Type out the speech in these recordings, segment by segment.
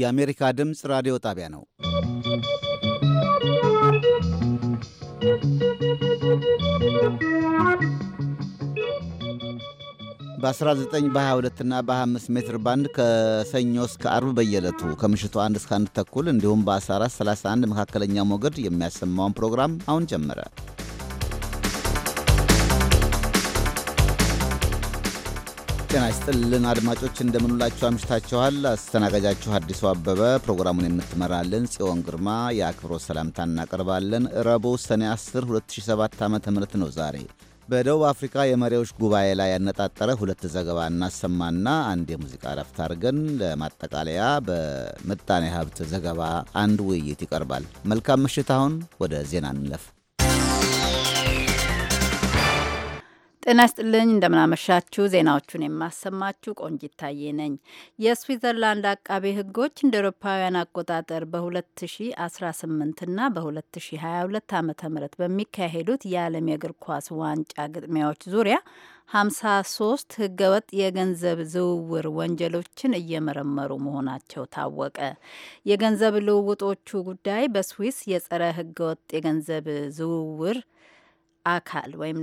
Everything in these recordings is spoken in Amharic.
የአሜሪካ ድምፅ ራዲዮ ጣቢያ ነው። በ19 በ22 እና በ25 ሜትር ባንድ ከሰኞ እስከ አርብ በየዕለቱ ከምሽቱ 1 እስከ አንድ ተኩል እንዲሁም በ1431 መካከለኛ ሞገድ የሚያሰማውን ፕሮግራም አሁን ጀመረ። ጤና ይስጥልን አድማጮች፣ እንደምንላችሁ አምሽታችኋል። አስተናጋጃችሁ አዲሱ አበበ፣ ፕሮግራሙን የምትመራልን ጽዮን ግርማ የአክብሮ ሰላምታ እናቀርባለን። ረቡዕ ሰኔ 10 2007 ዓ ም ነው ዛሬ። በደቡብ አፍሪካ የመሪዎች ጉባኤ ላይ ያነጣጠረ ሁለት ዘገባ እናሰማና አንድ የሙዚቃ ረፍት አድርገን ለማጠቃለያ በምጣኔ ሀብት ዘገባ አንድ ውይይት ይቀርባል። መልካም ምሽት። አሁን ወደ ዜና እንለፍ። ጤና ይስጥልኝ እንደምናመሻችሁ። ዜናዎቹን የማሰማችሁ ቆንጂት ታዬ ነኝ። የስዊዘርላንድ አቃቤ ሕጎች እንደ ኤሮፓውያን አቆጣጠር በ2018 ና በ2022 ዓ ም በሚካሄዱት የዓለም የእግር ኳስ ዋንጫ ግጥሚያዎች ዙሪያ 53 ህገወጥ የገንዘብ ዝውውር ወንጀሎችን እየመረመሩ መሆናቸው ታወቀ። የገንዘብ ልውውጦቹ ጉዳይ በስዊስ የጸረ ህገወጥ የገንዘብ ዝውውር አካል ወይም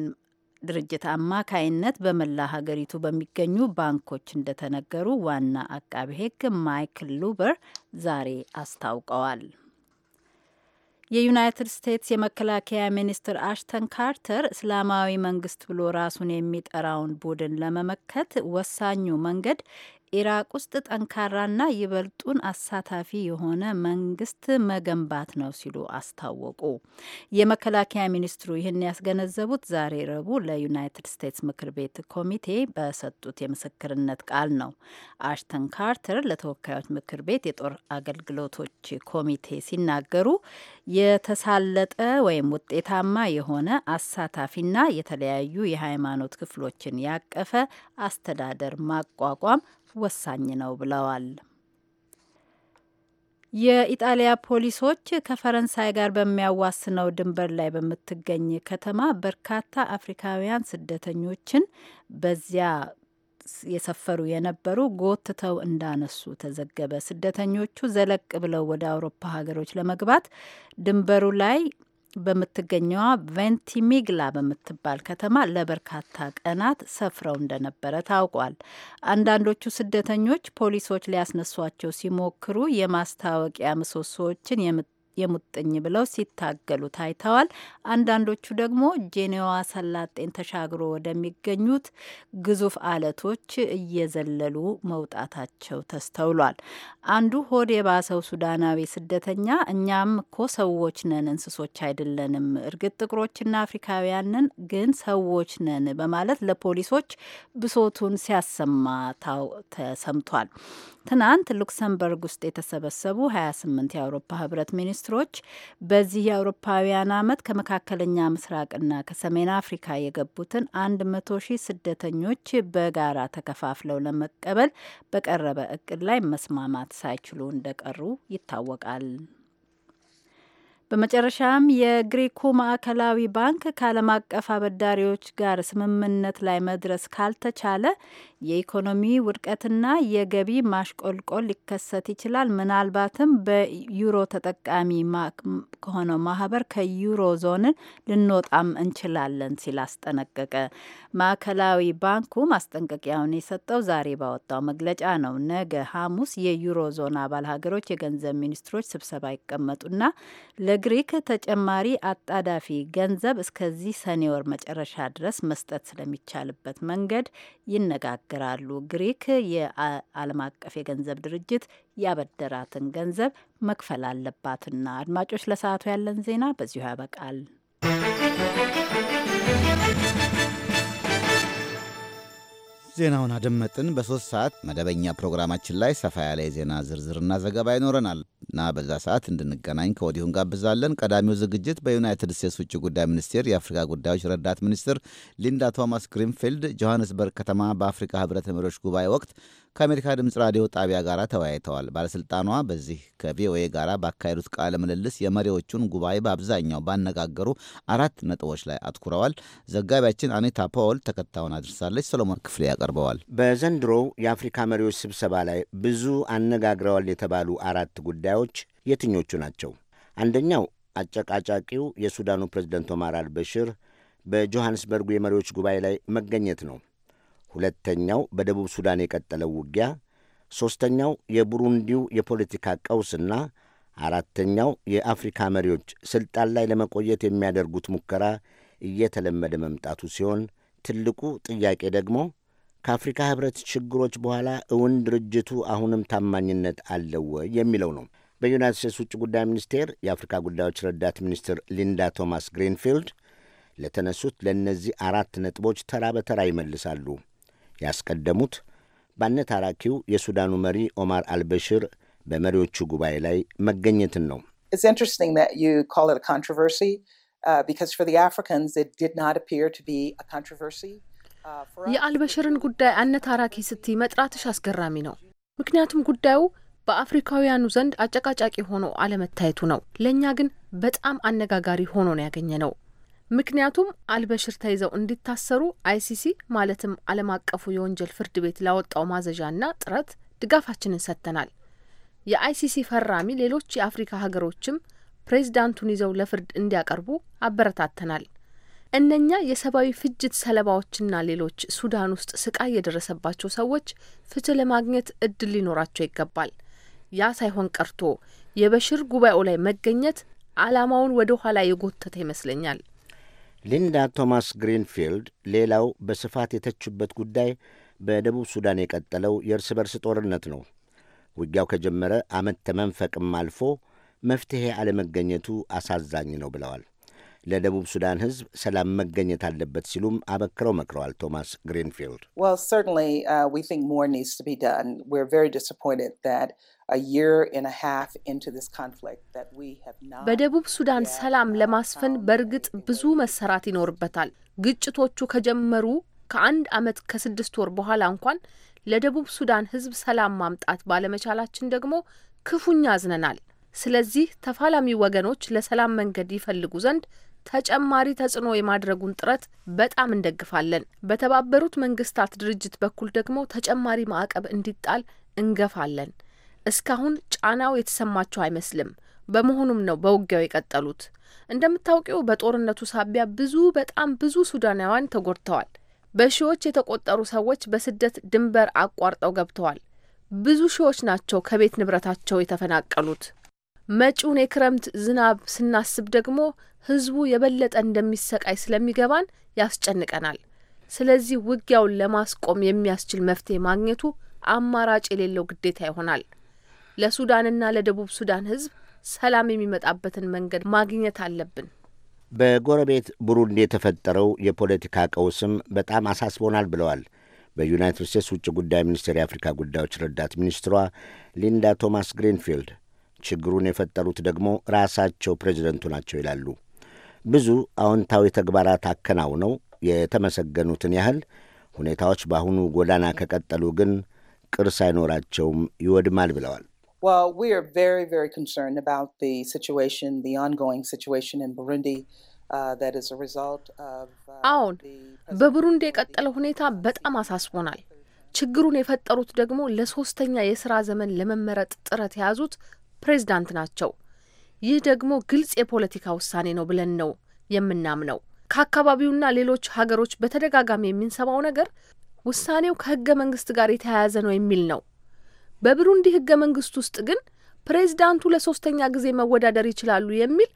ድርጅት አማካይነት በመላ ሀገሪቱ በሚገኙ ባንኮች እንደተነገሩ ዋና አቃቢ ሕግ ማይክል ሉበር ዛሬ አስታውቀዋል። የዩናይትድ ስቴትስ የመከላከያ ሚኒስትር አሽተን ካርተር እስላማዊ መንግስት ብሎ ራሱን የሚጠራውን ቡድን ለመመከት ወሳኙ መንገድ ኢራቅ ውስጥ ጠንካራና ይበልጡን አሳታፊ የሆነ መንግስት መገንባት ነው ሲሉ አስታወቁ። የመከላከያ ሚኒስትሩ ይህን ያስገነዘቡት ዛሬ ረቡዕ ለዩናይትድ ስቴትስ ምክር ቤት ኮሚቴ በሰጡት የምስክርነት ቃል ነው። አሽተን ካርተር ለተወካዮች ምክር ቤት የጦር አገልግሎቶች ኮሚቴ ሲናገሩ የተሳለጠ ወይም ውጤታማ የሆነ አሳታፊና የተለያዩ የሃይማኖት ክፍሎችን ያቀፈ አስተዳደር ማቋቋም ወሳኝ ነው ብለዋል። የኢጣሊያ ፖሊሶች ከፈረንሳይ ጋር በሚያዋስነው ድንበር ላይ በምትገኝ ከተማ በርካታ አፍሪካውያን ስደተኞችን በዚያ የሰፈሩ የነበሩ ጎትተው እንዳነሱ ተዘገበ። ስደተኞቹ ዘለቅ ብለው ወደ አውሮፓ ሀገሮች ለመግባት ድንበሩ ላይ በምትገኘዋ ቬንቲሚግላ በምትባል ከተማ ለበርካታ ቀናት ሰፍረው እንደነበረ ታውቋል። አንዳንዶቹ ስደተኞች ፖሊሶች ሊያስነሷቸው ሲሞክሩ የማስታወቂያ ምሰሶዎችን የሙጥኝ ብለው ሲታገሉ ታይተዋል። አንዳንዶቹ ደግሞ ጄኔዋ ሰላጤን ተሻግሮ ወደሚገኙት ግዙፍ አለቶች እየዘለሉ መውጣታቸው ተስተውሏል። አንዱ ሆድ የባሰው ሱዳናዊ ስደተኛ እኛም እኮ ሰዎች ነን፣ እንስሶች አይደለንም። እርግጥ ጥቁሮችና አፍሪካውያንን ግን ሰዎች ነን በማለት ለፖሊሶች ብሶቱን ሲያሰማ ተሰምቷል። ትናንት ሉክሰምበርግ ውስጥ የተሰበሰቡ 28 የአውሮፓ ህብረት ሚኒስትሮች በዚህ የአውሮፓውያን አመት ከመካከለኛ ምስራቅና ከሰሜን አፍሪካ የገቡትን 100 ሺህ ስደተኞች በጋራ ተከፋፍለው ለመቀበል በቀረበ እቅድ ላይ መስማማት ሳይችሉ እንደቀሩ ይታወቃል። በመጨረሻም የግሪኩ ማዕከላዊ ባንክ ከዓለም አቀፍ አበዳሪዎች ጋር ስምምነት ላይ መድረስ ካልተቻለ የኢኮኖሚ ውድቀትና የገቢ ማሽቆልቆል ሊከሰት ይችላል፣ ምናልባትም በዩሮ ተጠቃሚ ከሆነው ማህበር ከዩሮ ዞንን ልንወጣም እንችላለን ሲል አስጠነቀቀ። ማዕከላዊ ባንኩ ማስጠንቀቂያውን የሰጠው ዛሬ ባወጣው መግለጫ ነው። ነገ ሐሙስ የዩሮ ዞን አባል ሀገሮች የገንዘብ ሚኒስትሮች ስብሰባ ይቀመጡና ለግሪክ ተጨማሪ አጣዳፊ ገንዘብ እስከዚህ ሰኔ ወር መጨረሻ ድረስ መስጠት ስለሚቻልበት መንገድ ይነጋገራሉ። ግሪክ የዓለም አቀፍ የገንዘብ ድርጅት ያበደራትን ገንዘብ መክፈል አለባትና። አድማጮች፣ ለሰዓቱ ያለን ዜና በዚሁ ያበቃል። ዜናውን አደመጥን። በሦስት ሰዓት መደበኛ ፕሮግራማችን ላይ ሰፋ ያለ የዜና ዝርዝርና ዘገባ ይኖረናል እና በዛ ሰዓት እንድንገናኝ ከወዲሁ እንጋብዛለን። ቀዳሚው ዝግጅት በዩናይትድ ስቴትስ ውጭ ጉዳይ ሚኒስቴር የአፍሪካ ጉዳዮች ረዳት ሚኒስትር ሊንዳ ቶማስ ግሪንፊልድ ጆሃንስበርግ ከተማ በአፍሪካ ሕብረት መሪዎች ጉባኤ ወቅት ከአሜሪካ ድምፅ ራዲዮ ጣቢያ ጋር ተወያይተዋል። ባለሥልጣኗ በዚህ ከቪኦኤ ጋር ባካሄዱት ቃለ ምልልስ የመሪዎቹን ጉባኤ በአብዛኛው ባነጋገሩ አራት ነጥቦች ላይ አትኩረዋል። ዘጋቢያችን አኒታ ፓውል ተከታዩን አድርሳለች። ሰሎሞን ክፍሌ ያቀርበዋል። በዘንድሮው የአፍሪካ መሪዎች ስብሰባ ላይ ብዙ አነጋግረዋል የተባሉ አራት ጉዳዮች የትኞቹ ናቸው? አንደኛው አጨቃጫቂው የሱዳኑ ፕሬዝደንት ኦማር አልበሽር በጆሐንስበርጉ የመሪዎች ጉባኤ ላይ መገኘት ነው። ሁለተኛው በደቡብ ሱዳን የቀጠለው ውጊያ፣ ሦስተኛው የቡሩንዲው የፖለቲካ ቀውስና አራተኛው የአፍሪካ መሪዎች ሥልጣን ላይ ለመቆየት የሚያደርጉት ሙከራ እየተለመደ መምጣቱ ሲሆን ትልቁ ጥያቄ ደግሞ ከአፍሪካ ኅብረት ችግሮች በኋላ እውን ድርጅቱ አሁንም ታማኝነት አለው ወይ የሚለው ነው። በዩናይት ስቴትስ ውጭ ጉዳይ ሚኒስቴር የአፍሪካ ጉዳዮች ረዳት ሚኒስትር ሊንዳ ቶማስ ግሪንፊልድ ለተነሱት ለእነዚህ አራት ነጥቦች ተራ በተራ ይመልሳሉ። ያስቀደሙት በአነታራኪው የሱዳኑ መሪ ኦማር አልበሽር በመሪዎቹ ጉባኤ ላይ መገኘትን ነው። uh, uh, የአልበሽርን ጉዳይ አነታራኪ ስትይ መጥራትሽ አስገራሚ ነው። ምክንያቱም ጉዳዩ በአፍሪካውያኑ ዘንድ አጨቃጫቂ ሆኖ አለመታየቱ ነው። ለእኛ ግን በጣም አነጋጋሪ ሆኖ ነው ያገኘ ነው። ምክንያቱም አልበሽር ተይዘው እንዲታሰሩ አይሲሲ ማለትም ዓለም አቀፉ የወንጀል ፍርድ ቤት ላወጣው ማዘዣና ጥረት ድጋፋችንን ሰጥተናል። የአይሲሲ ፈራሚ ሌሎች የአፍሪካ ሀገሮችም ፕሬዚዳንቱን ይዘው ለፍርድ እንዲያቀርቡ አበረታተናል። እነኛ የሰብአዊ ፍጅት ሰለባዎችና ሌሎች ሱዳን ውስጥ ስቃይ የደረሰባቸው ሰዎች ፍትህ ለማግኘት እድል ሊኖራቸው ይገባል። ያ ሳይሆን ቀርቶ የበሽር ጉባኤው ላይ መገኘት ዓላማውን ወደ ኋላ የጎተተ ይመስለኛል። ሊንዳ ቶማስ ግሪንፊልድ ሌላው በስፋት የተቹበት ጉዳይ በደቡብ ሱዳን የቀጠለው የእርስ በርስ ጦርነት ነው። ውጊያው ከጀመረ ዓመት ተመንፈቅም አልፎ መፍትሔ አለመገኘቱ አሳዛኝ ነው ብለዋል። ለደቡብ ሱዳን ሕዝብ ሰላም መገኘት አለበት ሲሉም አበክረው መክረዋል። ቶማስ ግሪንፊልድ uh, በደቡብ ሱዳን ሰላም uh, ለማስፈን በእርግጥ ብዙ መሰራት ይኖርበታል። ግጭቶቹ ከጀመሩ ከአንድ ዓመት ከስድስት ወር በኋላ እንኳን ለደቡብ ሱዳን ሕዝብ ሰላም ማምጣት ባለመቻላችን ደግሞ ክፉኛ አዝነናል። ስለዚህ ተፋላሚ ወገኖች ለሰላም መንገድ ይፈልጉ ዘንድ ተጨማሪ ተጽዕኖ የማድረጉን ጥረት በጣም እንደግፋለን። በተባበሩት መንግስታት ድርጅት በኩል ደግሞ ተጨማሪ ማዕቀብ እንዲጣል እንገፋለን። እስካሁን ጫናው የተሰማቸው አይመስልም። በመሆኑም ነው በውጊያው የቀጠሉት። እንደምታውቂው በጦርነቱ ሳቢያ ብዙ በጣም ብዙ ሱዳናውያን ተጎድተዋል። በሺዎች የተቆጠሩ ሰዎች በስደት ድንበር አቋርጠው ገብተዋል። ብዙ ሺዎች ናቸው ከቤት ንብረታቸው የተፈናቀሉት። መጪውን የክረምት ዝናብ ስናስብ ደግሞ ህዝቡ የበለጠ እንደሚሰቃይ ስለሚገባን ያስጨንቀናል። ስለዚህ ውጊያውን ለማስቆም የሚያስችል መፍትሄ ማግኘቱ አማራጭ የሌለው ግዴታ ይሆናል። ለሱዳንና ለደቡብ ሱዳን ህዝብ ሰላም የሚመጣበትን መንገድ ማግኘት አለብን። በጎረቤት ቡሩንዲ የተፈጠረው የፖለቲካ ቀውስም በጣም አሳስቦናል ብለዋል በዩናይትድ ስቴትስ ውጭ ጉዳይ ሚኒስቴር የአፍሪካ ጉዳዮች ረዳት ሚኒስትሯ ሊንዳ ቶማስ ግሪንፊልድ። ችግሩን የፈጠሩት ደግሞ ራሳቸው ፕሬዚደንቱ ናቸው ይላሉ። ብዙ አዎንታዊ ተግባራት አከናውነው የተመሰገኑትን ያህል ሁኔታዎች በአሁኑ ጎዳና ከቀጠሉ ግን ቅርስ አይኖራቸውም፣ ይወድማል ብለዋል። አዎን፣ በቡሩንዲ የቀጠለው ሁኔታ በጣም አሳስቦናል። ችግሩን የፈጠሩት ደግሞ ለሶስተኛ የስራ ዘመን ለመመረጥ ጥረት የያዙት ፕሬዝዳንት ናቸው። ይህ ደግሞ ግልጽ የፖለቲካ ውሳኔ ነው ብለን ነው የምናምነው። ከአካባቢውና ሌሎች ሀገሮች በተደጋጋሚ የሚንሰማው ነገር ውሳኔው ከህገ መንግስት ጋር የተያያዘ ነው የሚል ነው። በብሩንዲ ህገ መንግስት ውስጥ ግን ፕሬዝዳንቱ ለሶስተኛ ጊዜ መወዳደር ይችላሉ የሚል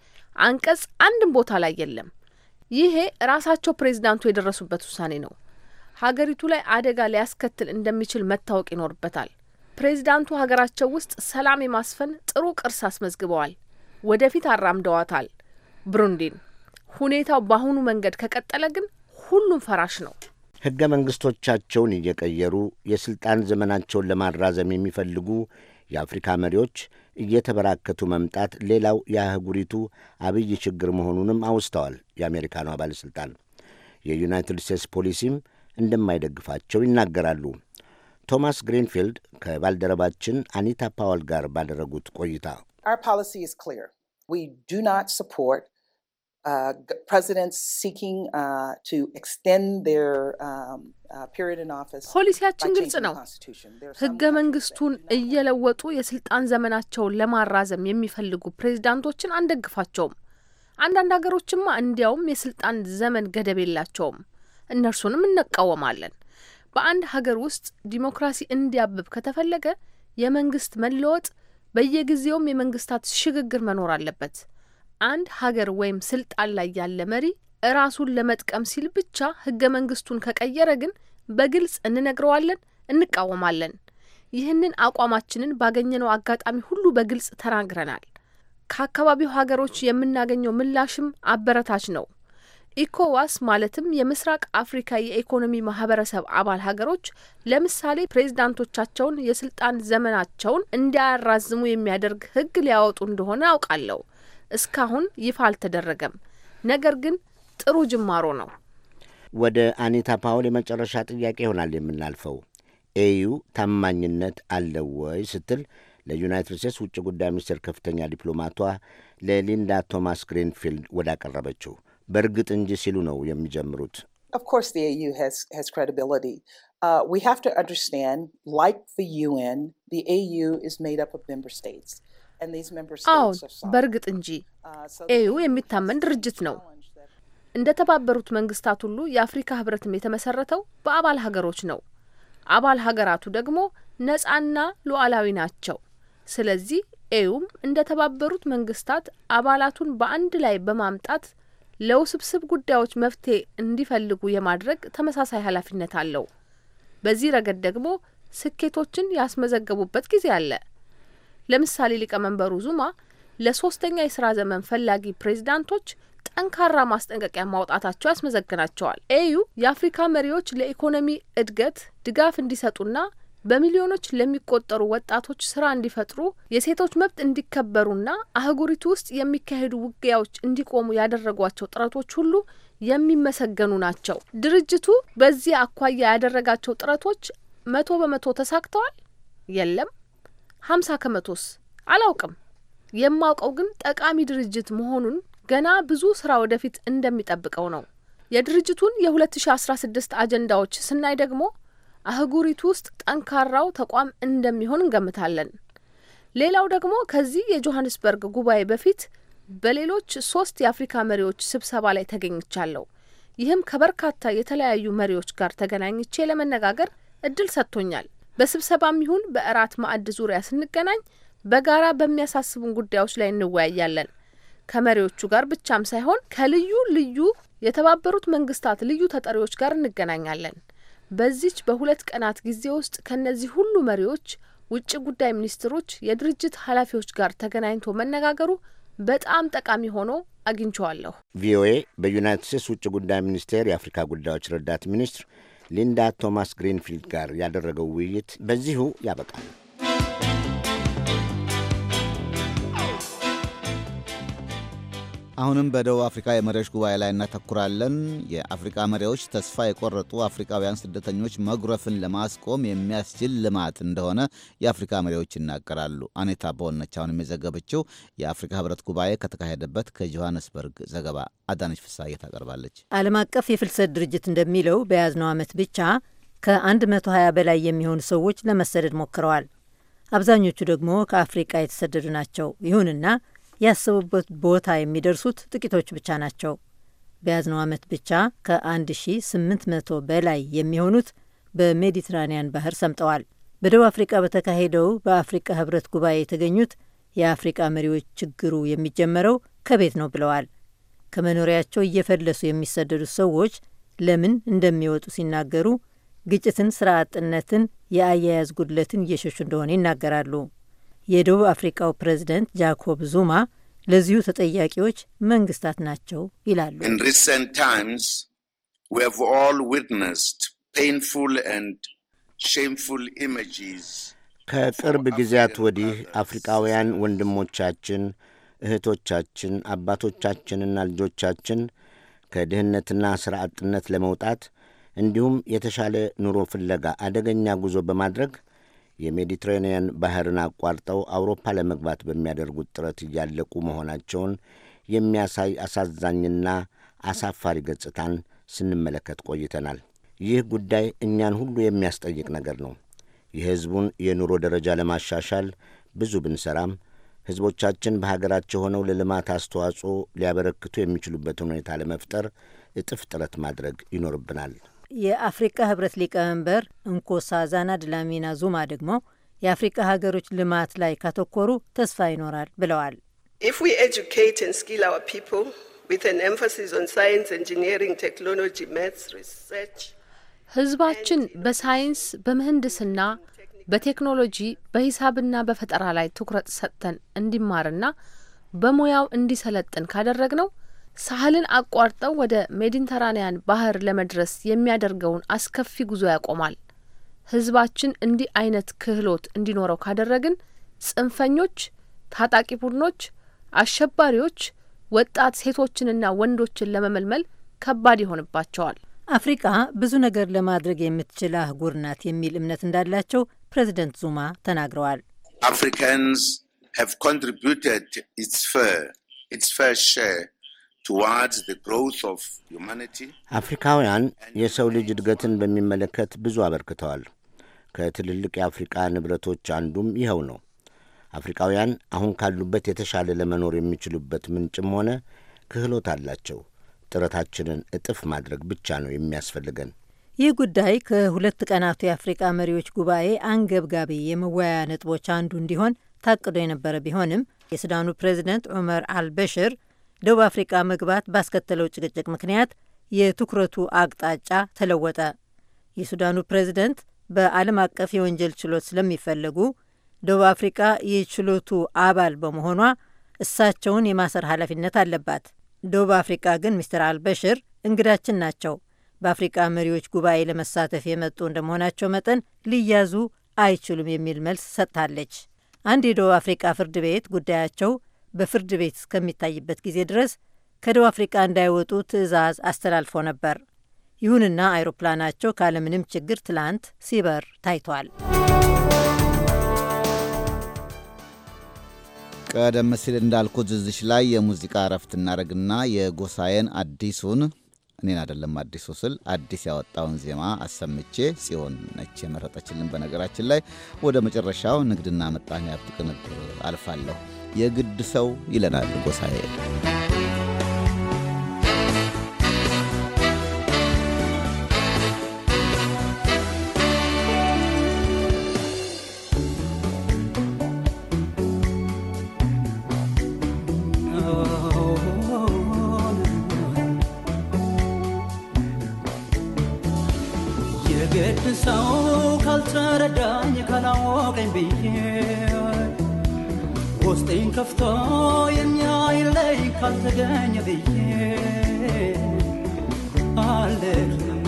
አንቀጽ አንድም ቦታ ላይ የለም። ይሄ ራሳቸው ፕሬዝዳንቱ የደረሱበት ውሳኔ ነው። ሀገሪቱ ላይ አደጋ ሊያስከትል እንደሚችል መታወቅ ይኖርበታል። ፕሬዚዳንቱ ሀገራቸው ውስጥ ሰላም የማስፈን ጥሩ ቅርስ አስመዝግበዋል። ወደፊት አራምደዋታል ብሩንዲን። ሁኔታው በአሁኑ መንገድ ከቀጠለ ግን ሁሉም ፈራሽ ነው። ሕገ መንግስቶቻቸውን እየቀየሩ የሥልጣን ዘመናቸውን ለማራዘም የሚፈልጉ የአፍሪካ መሪዎች እየተበራከቱ መምጣት ሌላው የአህጉሪቱ አብይ ችግር መሆኑንም አውስተዋል። የአሜሪካኗ ባለሥልጣን የዩናይትድ ስቴትስ ፖሊሲም እንደማይደግፋቸው ይናገራሉ። ቶማስ ግሪንፊልድ ከባልደረባችን አኒታ ፓወል ጋር ባደረጉት ቆይታ um, uh, ፖሊሲያችን ግልጽ ነው። ህገ መንግስቱን እየለወጡ የስልጣን ዘመናቸውን ለማራዘም የሚፈልጉ ፕሬዚዳንቶችን አንደግፋቸውም። አንዳንድ ሀገሮችማ እንዲያውም የስልጣን ዘመን ገደብ የላቸውም። እነርሱንም እንቃወማለን። በአንድ ሀገር ውስጥ ዲሞክራሲ እንዲያብብ ከተፈለገ የመንግስት መለወጥ፣ በየጊዜውም የመንግስታት ሽግግር መኖር አለበት። አንድ ሀገር ወይም ስልጣን ላይ ያለ መሪ ራሱን ለመጥቀም ሲል ብቻ ህገ መንግስቱን ከቀየረ ግን በግልጽ እንነግረዋለን፣ እንቃወማለን። ይህንን አቋማችንን ባገኘነው አጋጣሚ ሁሉ በግልጽ ተናግረናል። ከአካባቢው ሀገሮች የምናገኘው ምላሽም አበረታች ነው። ኢኮዋስ ማለትም የምስራቅ አፍሪካ የኢኮኖሚ ማህበረሰብ አባል ሀገሮች ለምሳሌ ፕሬዚዳንቶቻቸውን የስልጣን ዘመናቸውን እንዳያራዝሙ የሚያደርግ ህግ ሊያወጡ እንደሆነ አውቃለሁ። እስካሁን ይፋ አልተደረገም። ነገር ግን ጥሩ ጅማሮ ነው። ወደ አኒታ ፓውል የመጨረሻ ጥያቄ ይሆናል የምናልፈው። ኤዩ ታማኝነት አለው ወይ ስትል ለዩናይትድ ስቴትስ ውጭ ጉዳይ ሚኒስቴር ከፍተኛ ዲፕሎማቷ ለሊንዳ ቶማስ ግሪንፊልድ ወዳቀረበችው በእርግጥ እንጂ ሲሉ ነው የሚጀምሩት። አዎ uh, oh, በእርግጥ እንጂ ኤዩ uh, የሚታመን ድርጅት ነው። እንደ ተባበሩት መንግስታት ሁሉ የአፍሪካ ህብረትም የተመሰረተው በአባል ሀገሮች ነው። አባል ሀገራቱ ደግሞ ነጻና ሉዓላዊ ናቸው። ስለዚህ ኤዩም እንደ ተባበሩት መንግስታት አባላቱን በአንድ ላይ በማምጣት ለውስብስብ ጉዳዮች መፍትሄ እንዲፈልጉ የማድረግ ተመሳሳይ ኃላፊነት አለው። በዚህ ረገድ ደግሞ ስኬቶችን ያስመዘገቡበት ጊዜ አለ። ለምሳሌ ሊቀመንበሩ ዙማ ለሶስተኛ የስራ ዘመን ፈላጊ ፕሬዚዳንቶች ጠንካራ ማስጠንቀቂያ ማውጣታቸው ያስመዘግናቸዋል። ኤዩ የአፍሪካ መሪዎች ለኢኮኖሚ እድገት ድጋፍ እንዲሰጡና በሚሊዮኖች ለሚቆጠሩ ወጣቶች ስራ እንዲፈጥሩ የሴቶች መብት እንዲከበሩና አህጉሪቱ ውስጥ የሚካሄዱ ውጊያዎች እንዲቆሙ ያደረጓቸው ጥረቶች ሁሉ የሚመሰገኑ ናቸው። ድርጅቱ በዚህ አኳያ ያደረጋቸው ጥረቶች መቶ በመቶ ተሳክተዋል? የለም። ሀምሳ ከመቶስ አላውቅም። የማውቀው ግን ጠቃሚ ድርጅት መሆኑን ገና ብዙ ስራ ወደፊት እንደሚጠብቀው ነው። የድርጅቱን የ2016 አጀንዳዎች ስናይ ደግሞ አህጉሪቱ ውስጥ ጠንካራው ተቋም እንደሚሆን እንገምታለን። ሌላው ደግሞ ከዚህ የጆሀንስበርግ ጉባኤ በፊት በሌሎች ሶስት የአፍሪካ መሪዎች ስብሰባ ላይ ተገኝቻለሁ። ይህም ከበርካታ የተለያዩ መሪዎች ጋር ተገናኝቼ ለመነጋገር እድል ሰጥቶኛል። በስብሰባም ይሁን በእራት ማዕድ ዙሪያ ስንገናኝ በጋራ በሚያሳስቡን ጉዳዮች ላይ እንወያያለን። ከመሪዎቹ ጋር ብቻም ሳይሆን ከልዩ ልዩ የተባበሩት መንግስታት ልዩ ተጠሪዎች ጋር እንገናኛለን። በዚች በሁለት ቀናት ጊዜ ውስጥ ከእነዚህ ሁሉ መሪዎች ውጭ ጉዳይ ሚኒስትሮች የድርጅት ኃላፊዎች ጋር ተገናኝቶ መነጋገሩ በጣም ጠቃሚ ሆኖ አግኝቸዋለሁ። ቪኦኤ በዩናይትድ ስቴትስ ውጭ ጉዳይ ሚኒስቴር የአፍሪካ ጉዳዮች ረዳት ሚኒስትር ሊንዳ ቶማስ ግሪንፊልድ ጋር ያደረገው ውይይት በዚሁ ያበቃል። አሁንም በደቡብ አፍሪካ የመሪዎች ጉባኤ ላይ እናተኩራለን። የአፍሪካ መሪዎች ተስፋ የቆረጡ አፍሪካውያን ስደተኞች መጉረፍን ለማስቆም የሚያስችል ልማት እንደሆነ የአፍሪካ መሪዎች ይናገራሉ። አኔታ በሆነች አሁንም የዘገበችው የአፍሪካ ሕብረት ጉባኤ ከተካሄደበት ከጆሃንስበርግ ዘገባ አዳነች ፍሳዬ ታቀርባለች። ዓለም አቀፍ የፍልሰት ድርጅት እንደሚለው በያዝነው ዓመት ብቻ ከ120 በላይ የሚሆኑ ሰዎች ለመሰደድ ሞክረዋል። አብዛኞቹ ደግሞ ከአፍሪቃ የተሰደዱ ናቸው። ይሁንና ያሰቡበት ቦታ የሚደርሱት ጥቂቶች ብቻ ናቸው። በያዝነው ዓመት ብቻ ከ1800 በላይ የሚሆኑት በሜዲትራኒያን ባህር ሰምጠዋል። በደቡብ አፍሪቃ በተካሄደው በአፍሪቃ ህብረት ጉባኤ የተገኙት የአፍሪቃ መሪዎች ችግሩ የሚጀመረው ከቤት ነው ብለዋል። ከመኖሪያቸው እየፈለሱ የሚሰደዱት ሰዎች ለምን እንደሚወጡ ሲናገሩ ግጭትን፣ ስራ አጥነትን፣ የአያያዝ ጉድለትን እየሸሹ እንደሆነ ይናገራሉ። የደቡብ አፍሪካው ፕሬዝደንት ጃኮብ ዙማ ለዚሁ ተጠያቂዎች መንግስታት ናቸው ይላሉ። ከቅርብ ጊዜያት ወዲህ አፍሪካውያን ወንድሞቻችን፣ እህቶቻችን፣ አባቶቻችንና ልጆቻችን ከድህነትና ሥራ አጥነት ለመውጣት እንዲሁም የተሻለ ኑሮ ፍለጋ አደገኛ ጉዞ በማድረግ የሜዲትሬንያን ባህርን አቋርጠው አውሮፓ ለመግባት በሚያደርጉት ጥረት እያለቁ መሆናቸውን የሚያሳይ አሳዛኝና አሳፋሪ ገጽታን ስንመለከት ቆይተናል። ይህ ጉዳይ እኛን ሁሉ የሚያስጠይቅ ነገር ነው። የሕዝቡን የኑሮ ደረጃ ለማሻሻል ብዙ ብንሰራም ሕዝቦቻችን በሀገራቸው ሆነው ለልማት አስተዋጽኦ ሊያበረክቱ የሚችሉበትን ሁኔታ ለመፍጠር እጥፍ ጥረት ማድረግ ይኖርብናል። የአፍሪካ ህብረት ሊቀመንበር እንኮሳዛና ድላሚና ዙማ ደግሞ የአፍሪካ ሀገሮች ልማት ላይ ካተኮሩ ተስፋ ይኖራል ብለዋል። ህዝባችን በሳይንስ በምህንድስና፣ በቴክኖሎጂ፣ በሂሳብና በፈጠራ ላይ ትኩረት ሰጥተን እንዲማርና በሙያው እንዲሰለጥን ካደረግ ነው ሳህልን አቋርጠው ወደ ሜዲተራንያን ባህር ለመድረስ የሚያደርገውን አስከፊ ጉዞ ያቆማል። ህዝባችን እንዲህ አይነት ክህሎት እንዲኖረው ካደረግን ጽንፈኞች፣ ታጣቂ ቡድኖች፣ አሸባሪዎች ወጣት ሴቶችንና ወንዶችን ለመመልመል ከባድ ይሆንባቸዋል። አፍሪቃ ብዙ ነገር ለማድረግ የምትችል አህጉር ናት የሚል እምነት እንዳላቸው ፕሬዚደንት ዙማ ተናግረዋል። አፍሪካንስ ሃቭ ኮንትሪቢዩትድ ኢትስ ፌር ሼር አፍሪካውያን የሰው ልጅ እድገትን በሚመለከት ብዙ አበርክተዋል። ከትልልቅ የአፍሪቃ ንብረቶች አንዱም ይኸው ነው። አፍሪካውያን አሁን ካሉበት የተሻለ ለመኖር የሚችሉበት ምንጭም ሆነ ክህሎት አላቸው። ጥረታችንን እጥፍ ማድረግ ብቻ ነው የሚያስፈልገን። ይህ ጉዳይ ከሁለት ቀናቱ የአፍሪቃ መሪዎች ጉባኤ አንገብጋቢ የመወያያ ነጥቦች አንዱ እንዲሆን ታቅዶ የነበረ ቢሆንም የሱዳኑ ፕሬዚደንት ዑመር አልበሽር ደቡብ አፍሪቃ መግባት ባስከተለው ጭቅጭቅ ምክንያት የትኩረቱ አቅጣጫ ተለወጠ። የሱዳኑ ፕሬዝደንት በዓለም አቀፍ የወንጀል ችሎት ስለሚፈለጉ ደቡብ አፍሪቃ የችሎቱ አባል በመሆኗ እሳቸውን የማሰር ኃላፊነት አለባት። ደቡብ አፍሪቃ ግን ሚስተር አልበሽር እንግዳችን ናቸው። በአፍሪቃ መሪዎች ጉባኤ ለመሳተፍ የመጡ እንደመሆናቸው መጠን ሊያዙ አይችሉም የሚል መልስ ሰጥታለች። አንድ የደቡብ አፍሪቃ ፍርድ ቤት ጉዳያቸው በፍርድ ቤት እስከሚታይበት ጊዜ ድረስ ከደቡብ አፍሪቃ እንዳይወጡ ትዕዛዝ አስተላልፎ ነበር። ይሁንና አይሮፕላናቸው ካለምንም ችግር ትላንት ሲበር ታይቷል። ቀደም ሲል እንዳልኩት ዝዝሽ ላይ የሙዚቃ እረፍት እናደርግና የጎሳዬን አዲሱን እኔን አይደለም አዲሱ ስል አዲስ ያወጣውን ዜማ አሰምቼ ጽዮን ነች የመረጠችልን። በነገራችን ላይ ወደ መጨረሻው ንግድና ምጣኔ ሀብት ቅንብር አልፋለሁ። የግድ ሰው ይለናል ጎሳዬ። የግድ ሰው ካልተረዳኝ ካላወቀኝ ብዬ ውስጤን ከፍቶ የሚያይለይ ካልተገኘ ብዬ አልደግም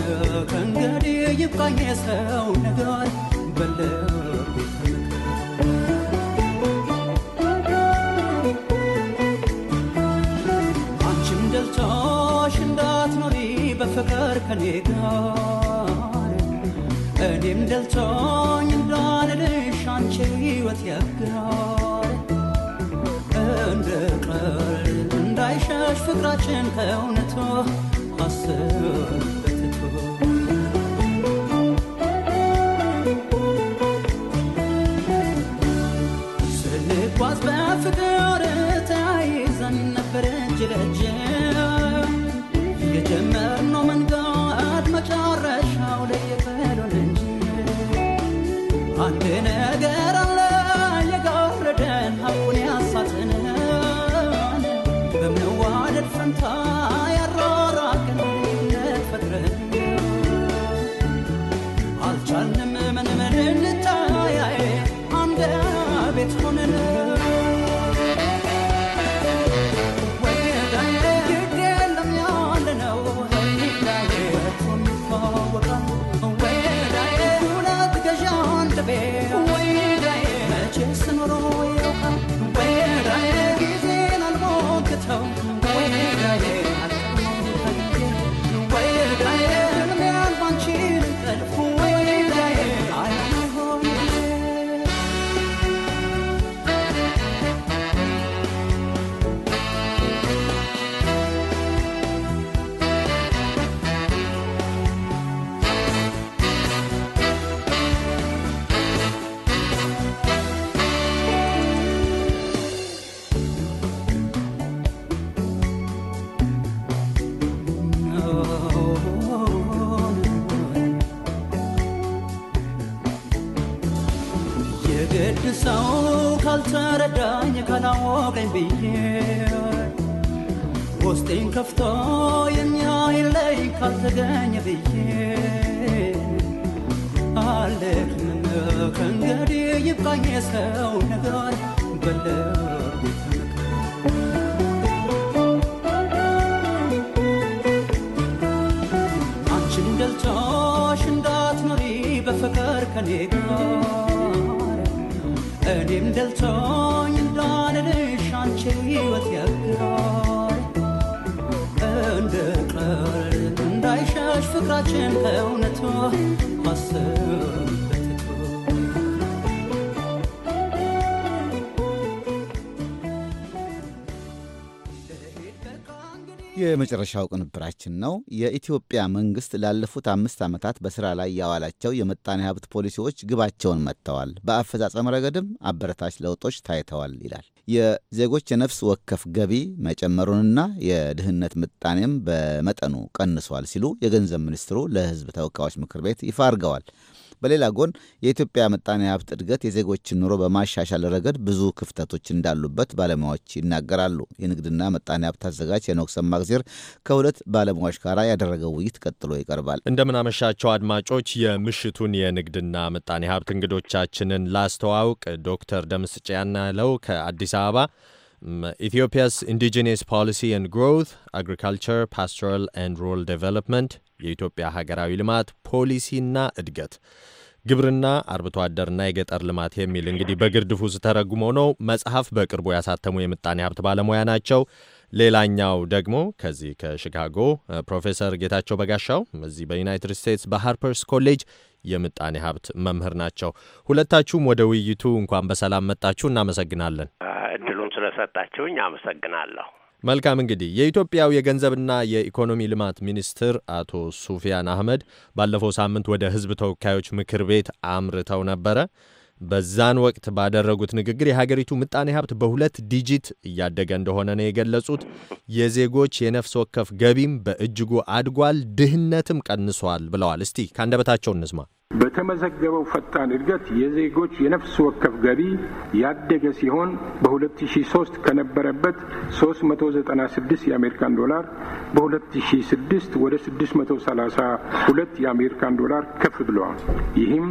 ከእንግዲህ ይብቃኝ የሰው ነገር በለቤ አንቺም ደልቶሽ እንዳትኖሪ በፍቅር ከኔ ጋር እኔም ደልቶ ፍቅራችን ከእውነቱ አስብ ግን ደልቶኝ እንዳልልሽ አንቺ ሕይወት ያግራል እንደ ቀልድ እንዳይሸሽ ፍቅራችን ከእውነቱ አስብ የመጨረሻው ቅንብራችን ነው። የኢትዮጵያ መንግስት ላለፉት አምስት ዓመታት በሥራ ላይ ያዋላቸው የምጣኔ ሀብት ፖሊሲዎች ግባቸውን መጥተዋል፣ በአፈጻጸም ረገድም አበረታች ለውጦች ታይተዋል ይላል። የዜጎች የነፍስ ወከፍ ገቢ መጨመሩንና የድህነት ምጣኔም በመጠኑ ቀንሷል ሲሉ የገንዘብ ሚኒስትሩ ለሕዝብ ተወካዮች ምክር ቤት ይፋ አድርገዋል። በሌላ ጎን የኢትዮጵያ ምጣኔ ሀብት እድገት የዜጎችን ኑሮ በማሻሻል ረገድ ብዙ ክፍተቶች እንዳሉበት ባለሙያዎች ይናገራሉ። የንግድና ምጣኔ ሀብት አዘጋጅ ሄኖክ ማግዜር ከሁለት ባለሙያዎች ጋር ያደረገው ውይይት ቀጥሎ ይቀርባል። እንደምናመሻቸው አድማጮች፣ የምሽቱን የንግድና ምጣኔ ሀብት እንግዶቻችንን ላስተዋውቅ። ዶክተር ደምስጭ ያናለው ከአዲስ አበባ ኢትዮጵያስ ኢንዲጂነስ ፖሊሲ ኤንድ ግሮውት አግሪካልቸር ፓስቶራል ኤንድ ሩራል ዴቨሎፕመንት የኢትዮጵያ ሀገራዊ ልማት ፖሊሲና እድገት ግብርና፣ አርብቶ አደርና የገጠር ልማት የሚል እንግዲህ በግርድፉ ስተረጉመው ነው። መጽሐፍ በቅርቡ ያሳተሙ የምጣኔ ሀብት ባለሙያ ናቸው። ሌላኛው ደግሞ ከዚህ ከሺካጎ ፕሮፌሰር ጌታቸው በጋሻው እዚህ በዩናይትድ ስቴትስ በሃርፐርስ ኮሌጅ የምጣኔ ሀብት መምህር ናቸው። ሁለታችሁም ወደ ውይይቱ እንኳን በሰላም መጣችሁ። እናመሰግናለን። እድሉን ስለሰጣችሁኝ አመሰግናለሁ። መልካም እንግዲህ የኢትዮጵያው የገንዘብና የኢኮኖሚ ልማት ሚኒስትር አቶ ሱፊያን አህመድ ባለፈው ሳምንት ወደ ህዝብ ተወካዮች ምክር ቤት አምርተው ነበረ። በዛን ወቅት ባደረጉት ንግግር የሀገሪቱ ምጣኔ ሀብት በሁለት ዲጂት እያደገ እንደሆነ ነው የገለጹት። የዜጎች የነፍስ ወከፍ ገቢም በእጅጉ አድጓል፣ ድህነትም ቀንሷል ብለዋል። እስቲ ከአንደበታቸው እንስማ። በተመዘገበው ፈጣን እድገት የዜጎች የነፍስ ወከፍ ገቢ ያደገ ሲሆን በ2003 ከነበረበት 396 የአሜሪካን ዶላር በ2006 ወደ 632 የአሜሪካን ዶላር ከፍ ብለዋል። ይህም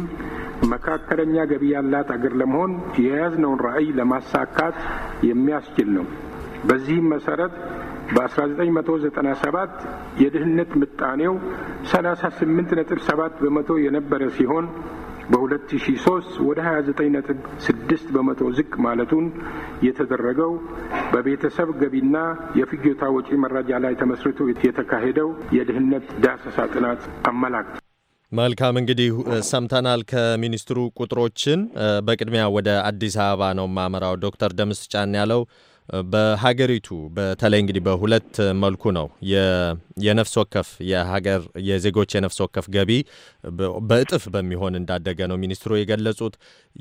መካከለኛ ገቢ ያላት አገር ለመሆን የያዝነውን ራዕይ ለማሳካት የሚያስችል ነው። በዚህም መሰረት በ1997 የድህነት ምጣኔው 38.7 በመቶ የነበረ ሲሆን በ2003 ወደ 29.6 በመቶ ዝቅ ማለቱን የተደረገው በቤተሰብ ገቢና የፍጆታ ወጪ መረጃ ላይ ተመስርቶ የተካሄደው የድህነት ዳሰሳ ጥናት አመላክቷል። መልካም እንግዲህ ሰምተናል ከሚኒስትሩ ቁጥሮችን። በቅድሚያ ወደ አዲስ አበባ ነው ማመራው ዶክተር ደምስ ጫን ያለው በሀገሪቱ በተለይ እንግዲህ በሁለት መልኩ ነው የነፍስ ወከፍ የሀገር የዜጎች የነፍስ ወከፍ ገቢ በእጥፍ በሚሆን እንዳደገ ነው ሚኒስትሩ የገለጹት።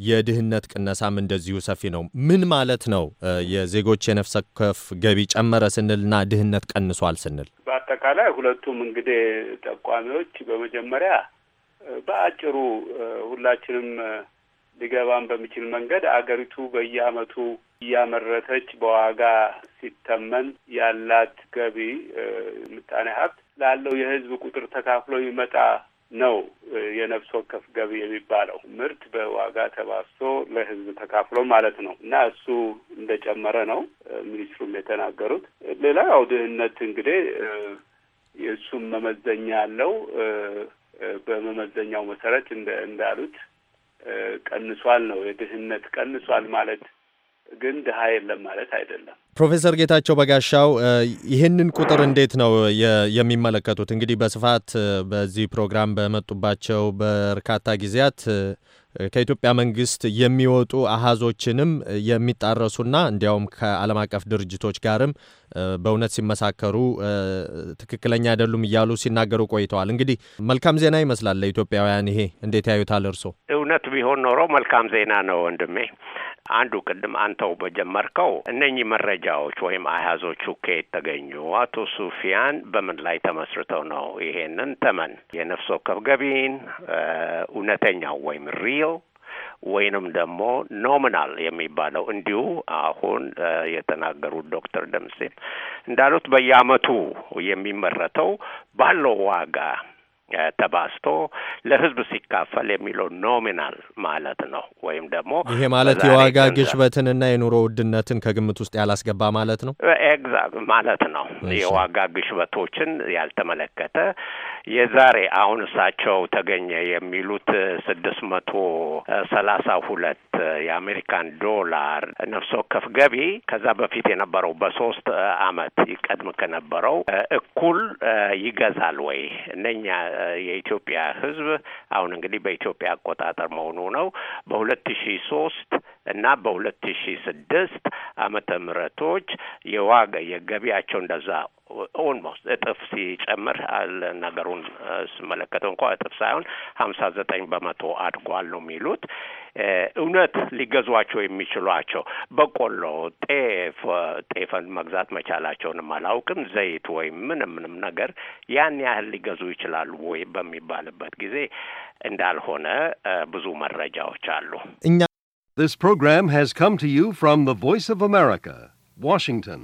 የድህነት ቅነሳም እንደዚሁ ሰፊ ነው። ምን ማለት ነው የዜጎች የነፍስ ወከፍ ገቢ ጨመረ ስንልና ድህነት ቀንሷል ስንል? በአጠቃላይ ሁለቱም እንግዲህ ጠቋሚዎች በመጀመሪያ በአጭሩ ሁላችንም ሊገባም በሚችል መንገድ አገሪቱ በየዓመቱ እያመረተች በዋጋ ሲተመን ያላት ገቢ ምጣኔ ሀብት ላለው የህዝብ ቁጥር ተካፍሎ ይመጣ ነው የነፍስ ወከፍ ገቢ የሚባለው ምርት በዋጋ ተባሶ ለህዝብ ተካፍሎ ማለት ነው። እና እሱ እንደጨመረ ነው ሚኒስትሩም የተናገሩት። ሌላ ያው ድህነት እንግዲህ የእሱም መመዘኛ አለው። በመመዘኛው መሰረት እንዳሉት ቀንሷል ነው። የድህነት ቀንሷል ማለት ግን ድሀ የለም ማለት አይደለም። ፕሮፌሰር ጌታቸው በጋሻው ይህንን ቁጥር እንዴት ነው የሚመለከቱት? እንግዲህ በስፋት በዚህ ፕሮግራም በመጡባቸው በርካታ ጊዜያት ከኢትዮጵያ መንግስት የሚወጡ አሃዞችንም የሚጣረሱና እንዲያውም ከዓለም አቀፍ ድርጅቶች ጋርም በእውነት ሲመሳከሩ ትክክለኛ አይደሉም እያሉ ሲናገሩ ቆይተዋል። እንግዲህ መልካም ዜና ይመስላል ለኢትዮጵያውያን። ይሄ እንዴት ያዩታል እርስዎ? እውነት ቢሆን ኖሮ መልካም ዜና ነው ወንድሜ አንዱ ቅድም አንተው በጀመርከው እነኚህ መረጃዎች ወይም አሃዞቹ ከየት ተገኙ? አቶ ሱፊያን በምን ላይ ተመስርተው ነው ይሄንን ተመን የነፍስ ወከፍ ገቢን እውነተኛው ወይም ሪል ወይንም ደግሞ ኖሚናል የሚባለው እንዲሁ አሁን የተናገሩት ዶክተር ደምሴ እንዳሉት በየአመቱ የሚመረተው ባለው ዋጋ ተባዝቶ ለህዝብ ሲካፈል የሚለው ኖሚናል ማለት ነው። ወይም ደግሞ ይሄ ማለት የዋጋ ግሽበትንና የኑሮ ውድነትን ከግምት ውስጥ ያላስገባ ማለት ነው። ኤግዛክት ማለት ነው። የዋጋ ግሽበቶችን ያልተመለከተ የዛሬ አሁን እሳቸው ተገኘ የሚሉት ስድስት መቶ ሰላሳ ሁለት የአሜሪካን ዶላር ነፍስ ወከፍ ገቢ ከዛ በፊት የነበረው በሶስት አመት ይቀድም ከነበረው እኩል ይገዛል ወይ? እነኛ የኢትዮጵያ ህዝብ አሁን እንግዲህ በኢትዮጵያ አቆጣጠር መሆኑ ነው በሁለት ሺ ሶስት እና በሁለት ሺ ስድስት አመተ ምህረቶች የዋጋ የገቢያቸው እንደዛ ኦልሞስት እጥፍ ሲጨምር ነገሩን ስመለከተው እንኳ እጥፍ ሳይሆን ሀምሳ ዘጠኝ በመቶ አድጓል ነው የሚሉት። እውነት ሊገዟቸው የሚችሏቸው በቆሎ፣ ጤፍ ጤፈን መግዛት መቻላቸውንም አላውቅም። ዘይት ወይም ምንም ምንም ነገር ያን ያህል ሊገዙ ይችላሉ ወይ በሚባልበት ጊዜ እንዳልሆነ ብዙ መረጃዎች አሉ። This program has come to you from the Voice of America, Washington.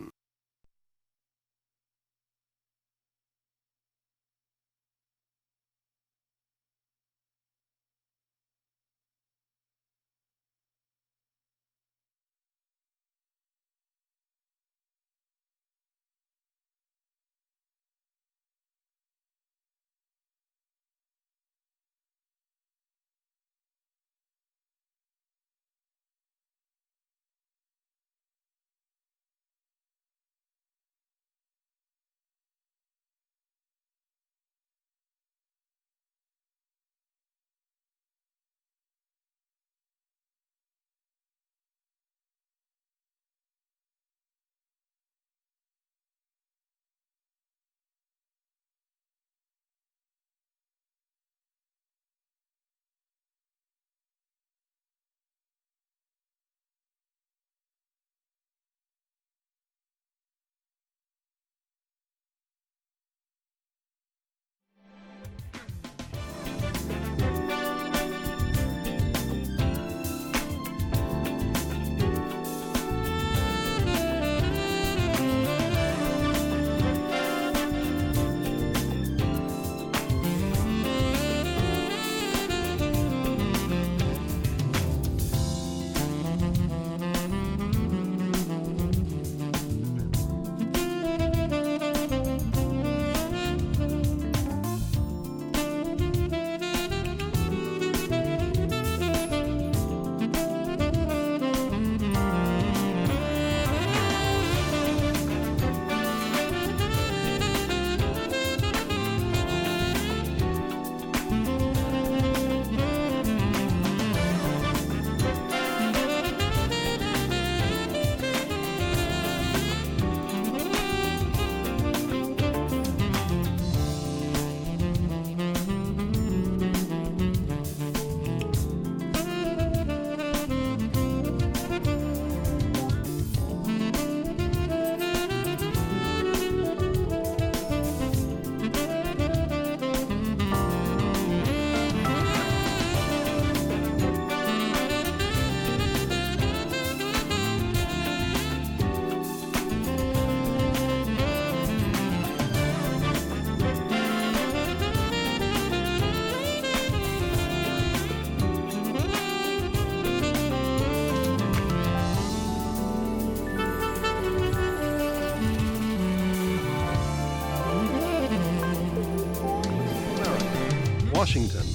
Washington.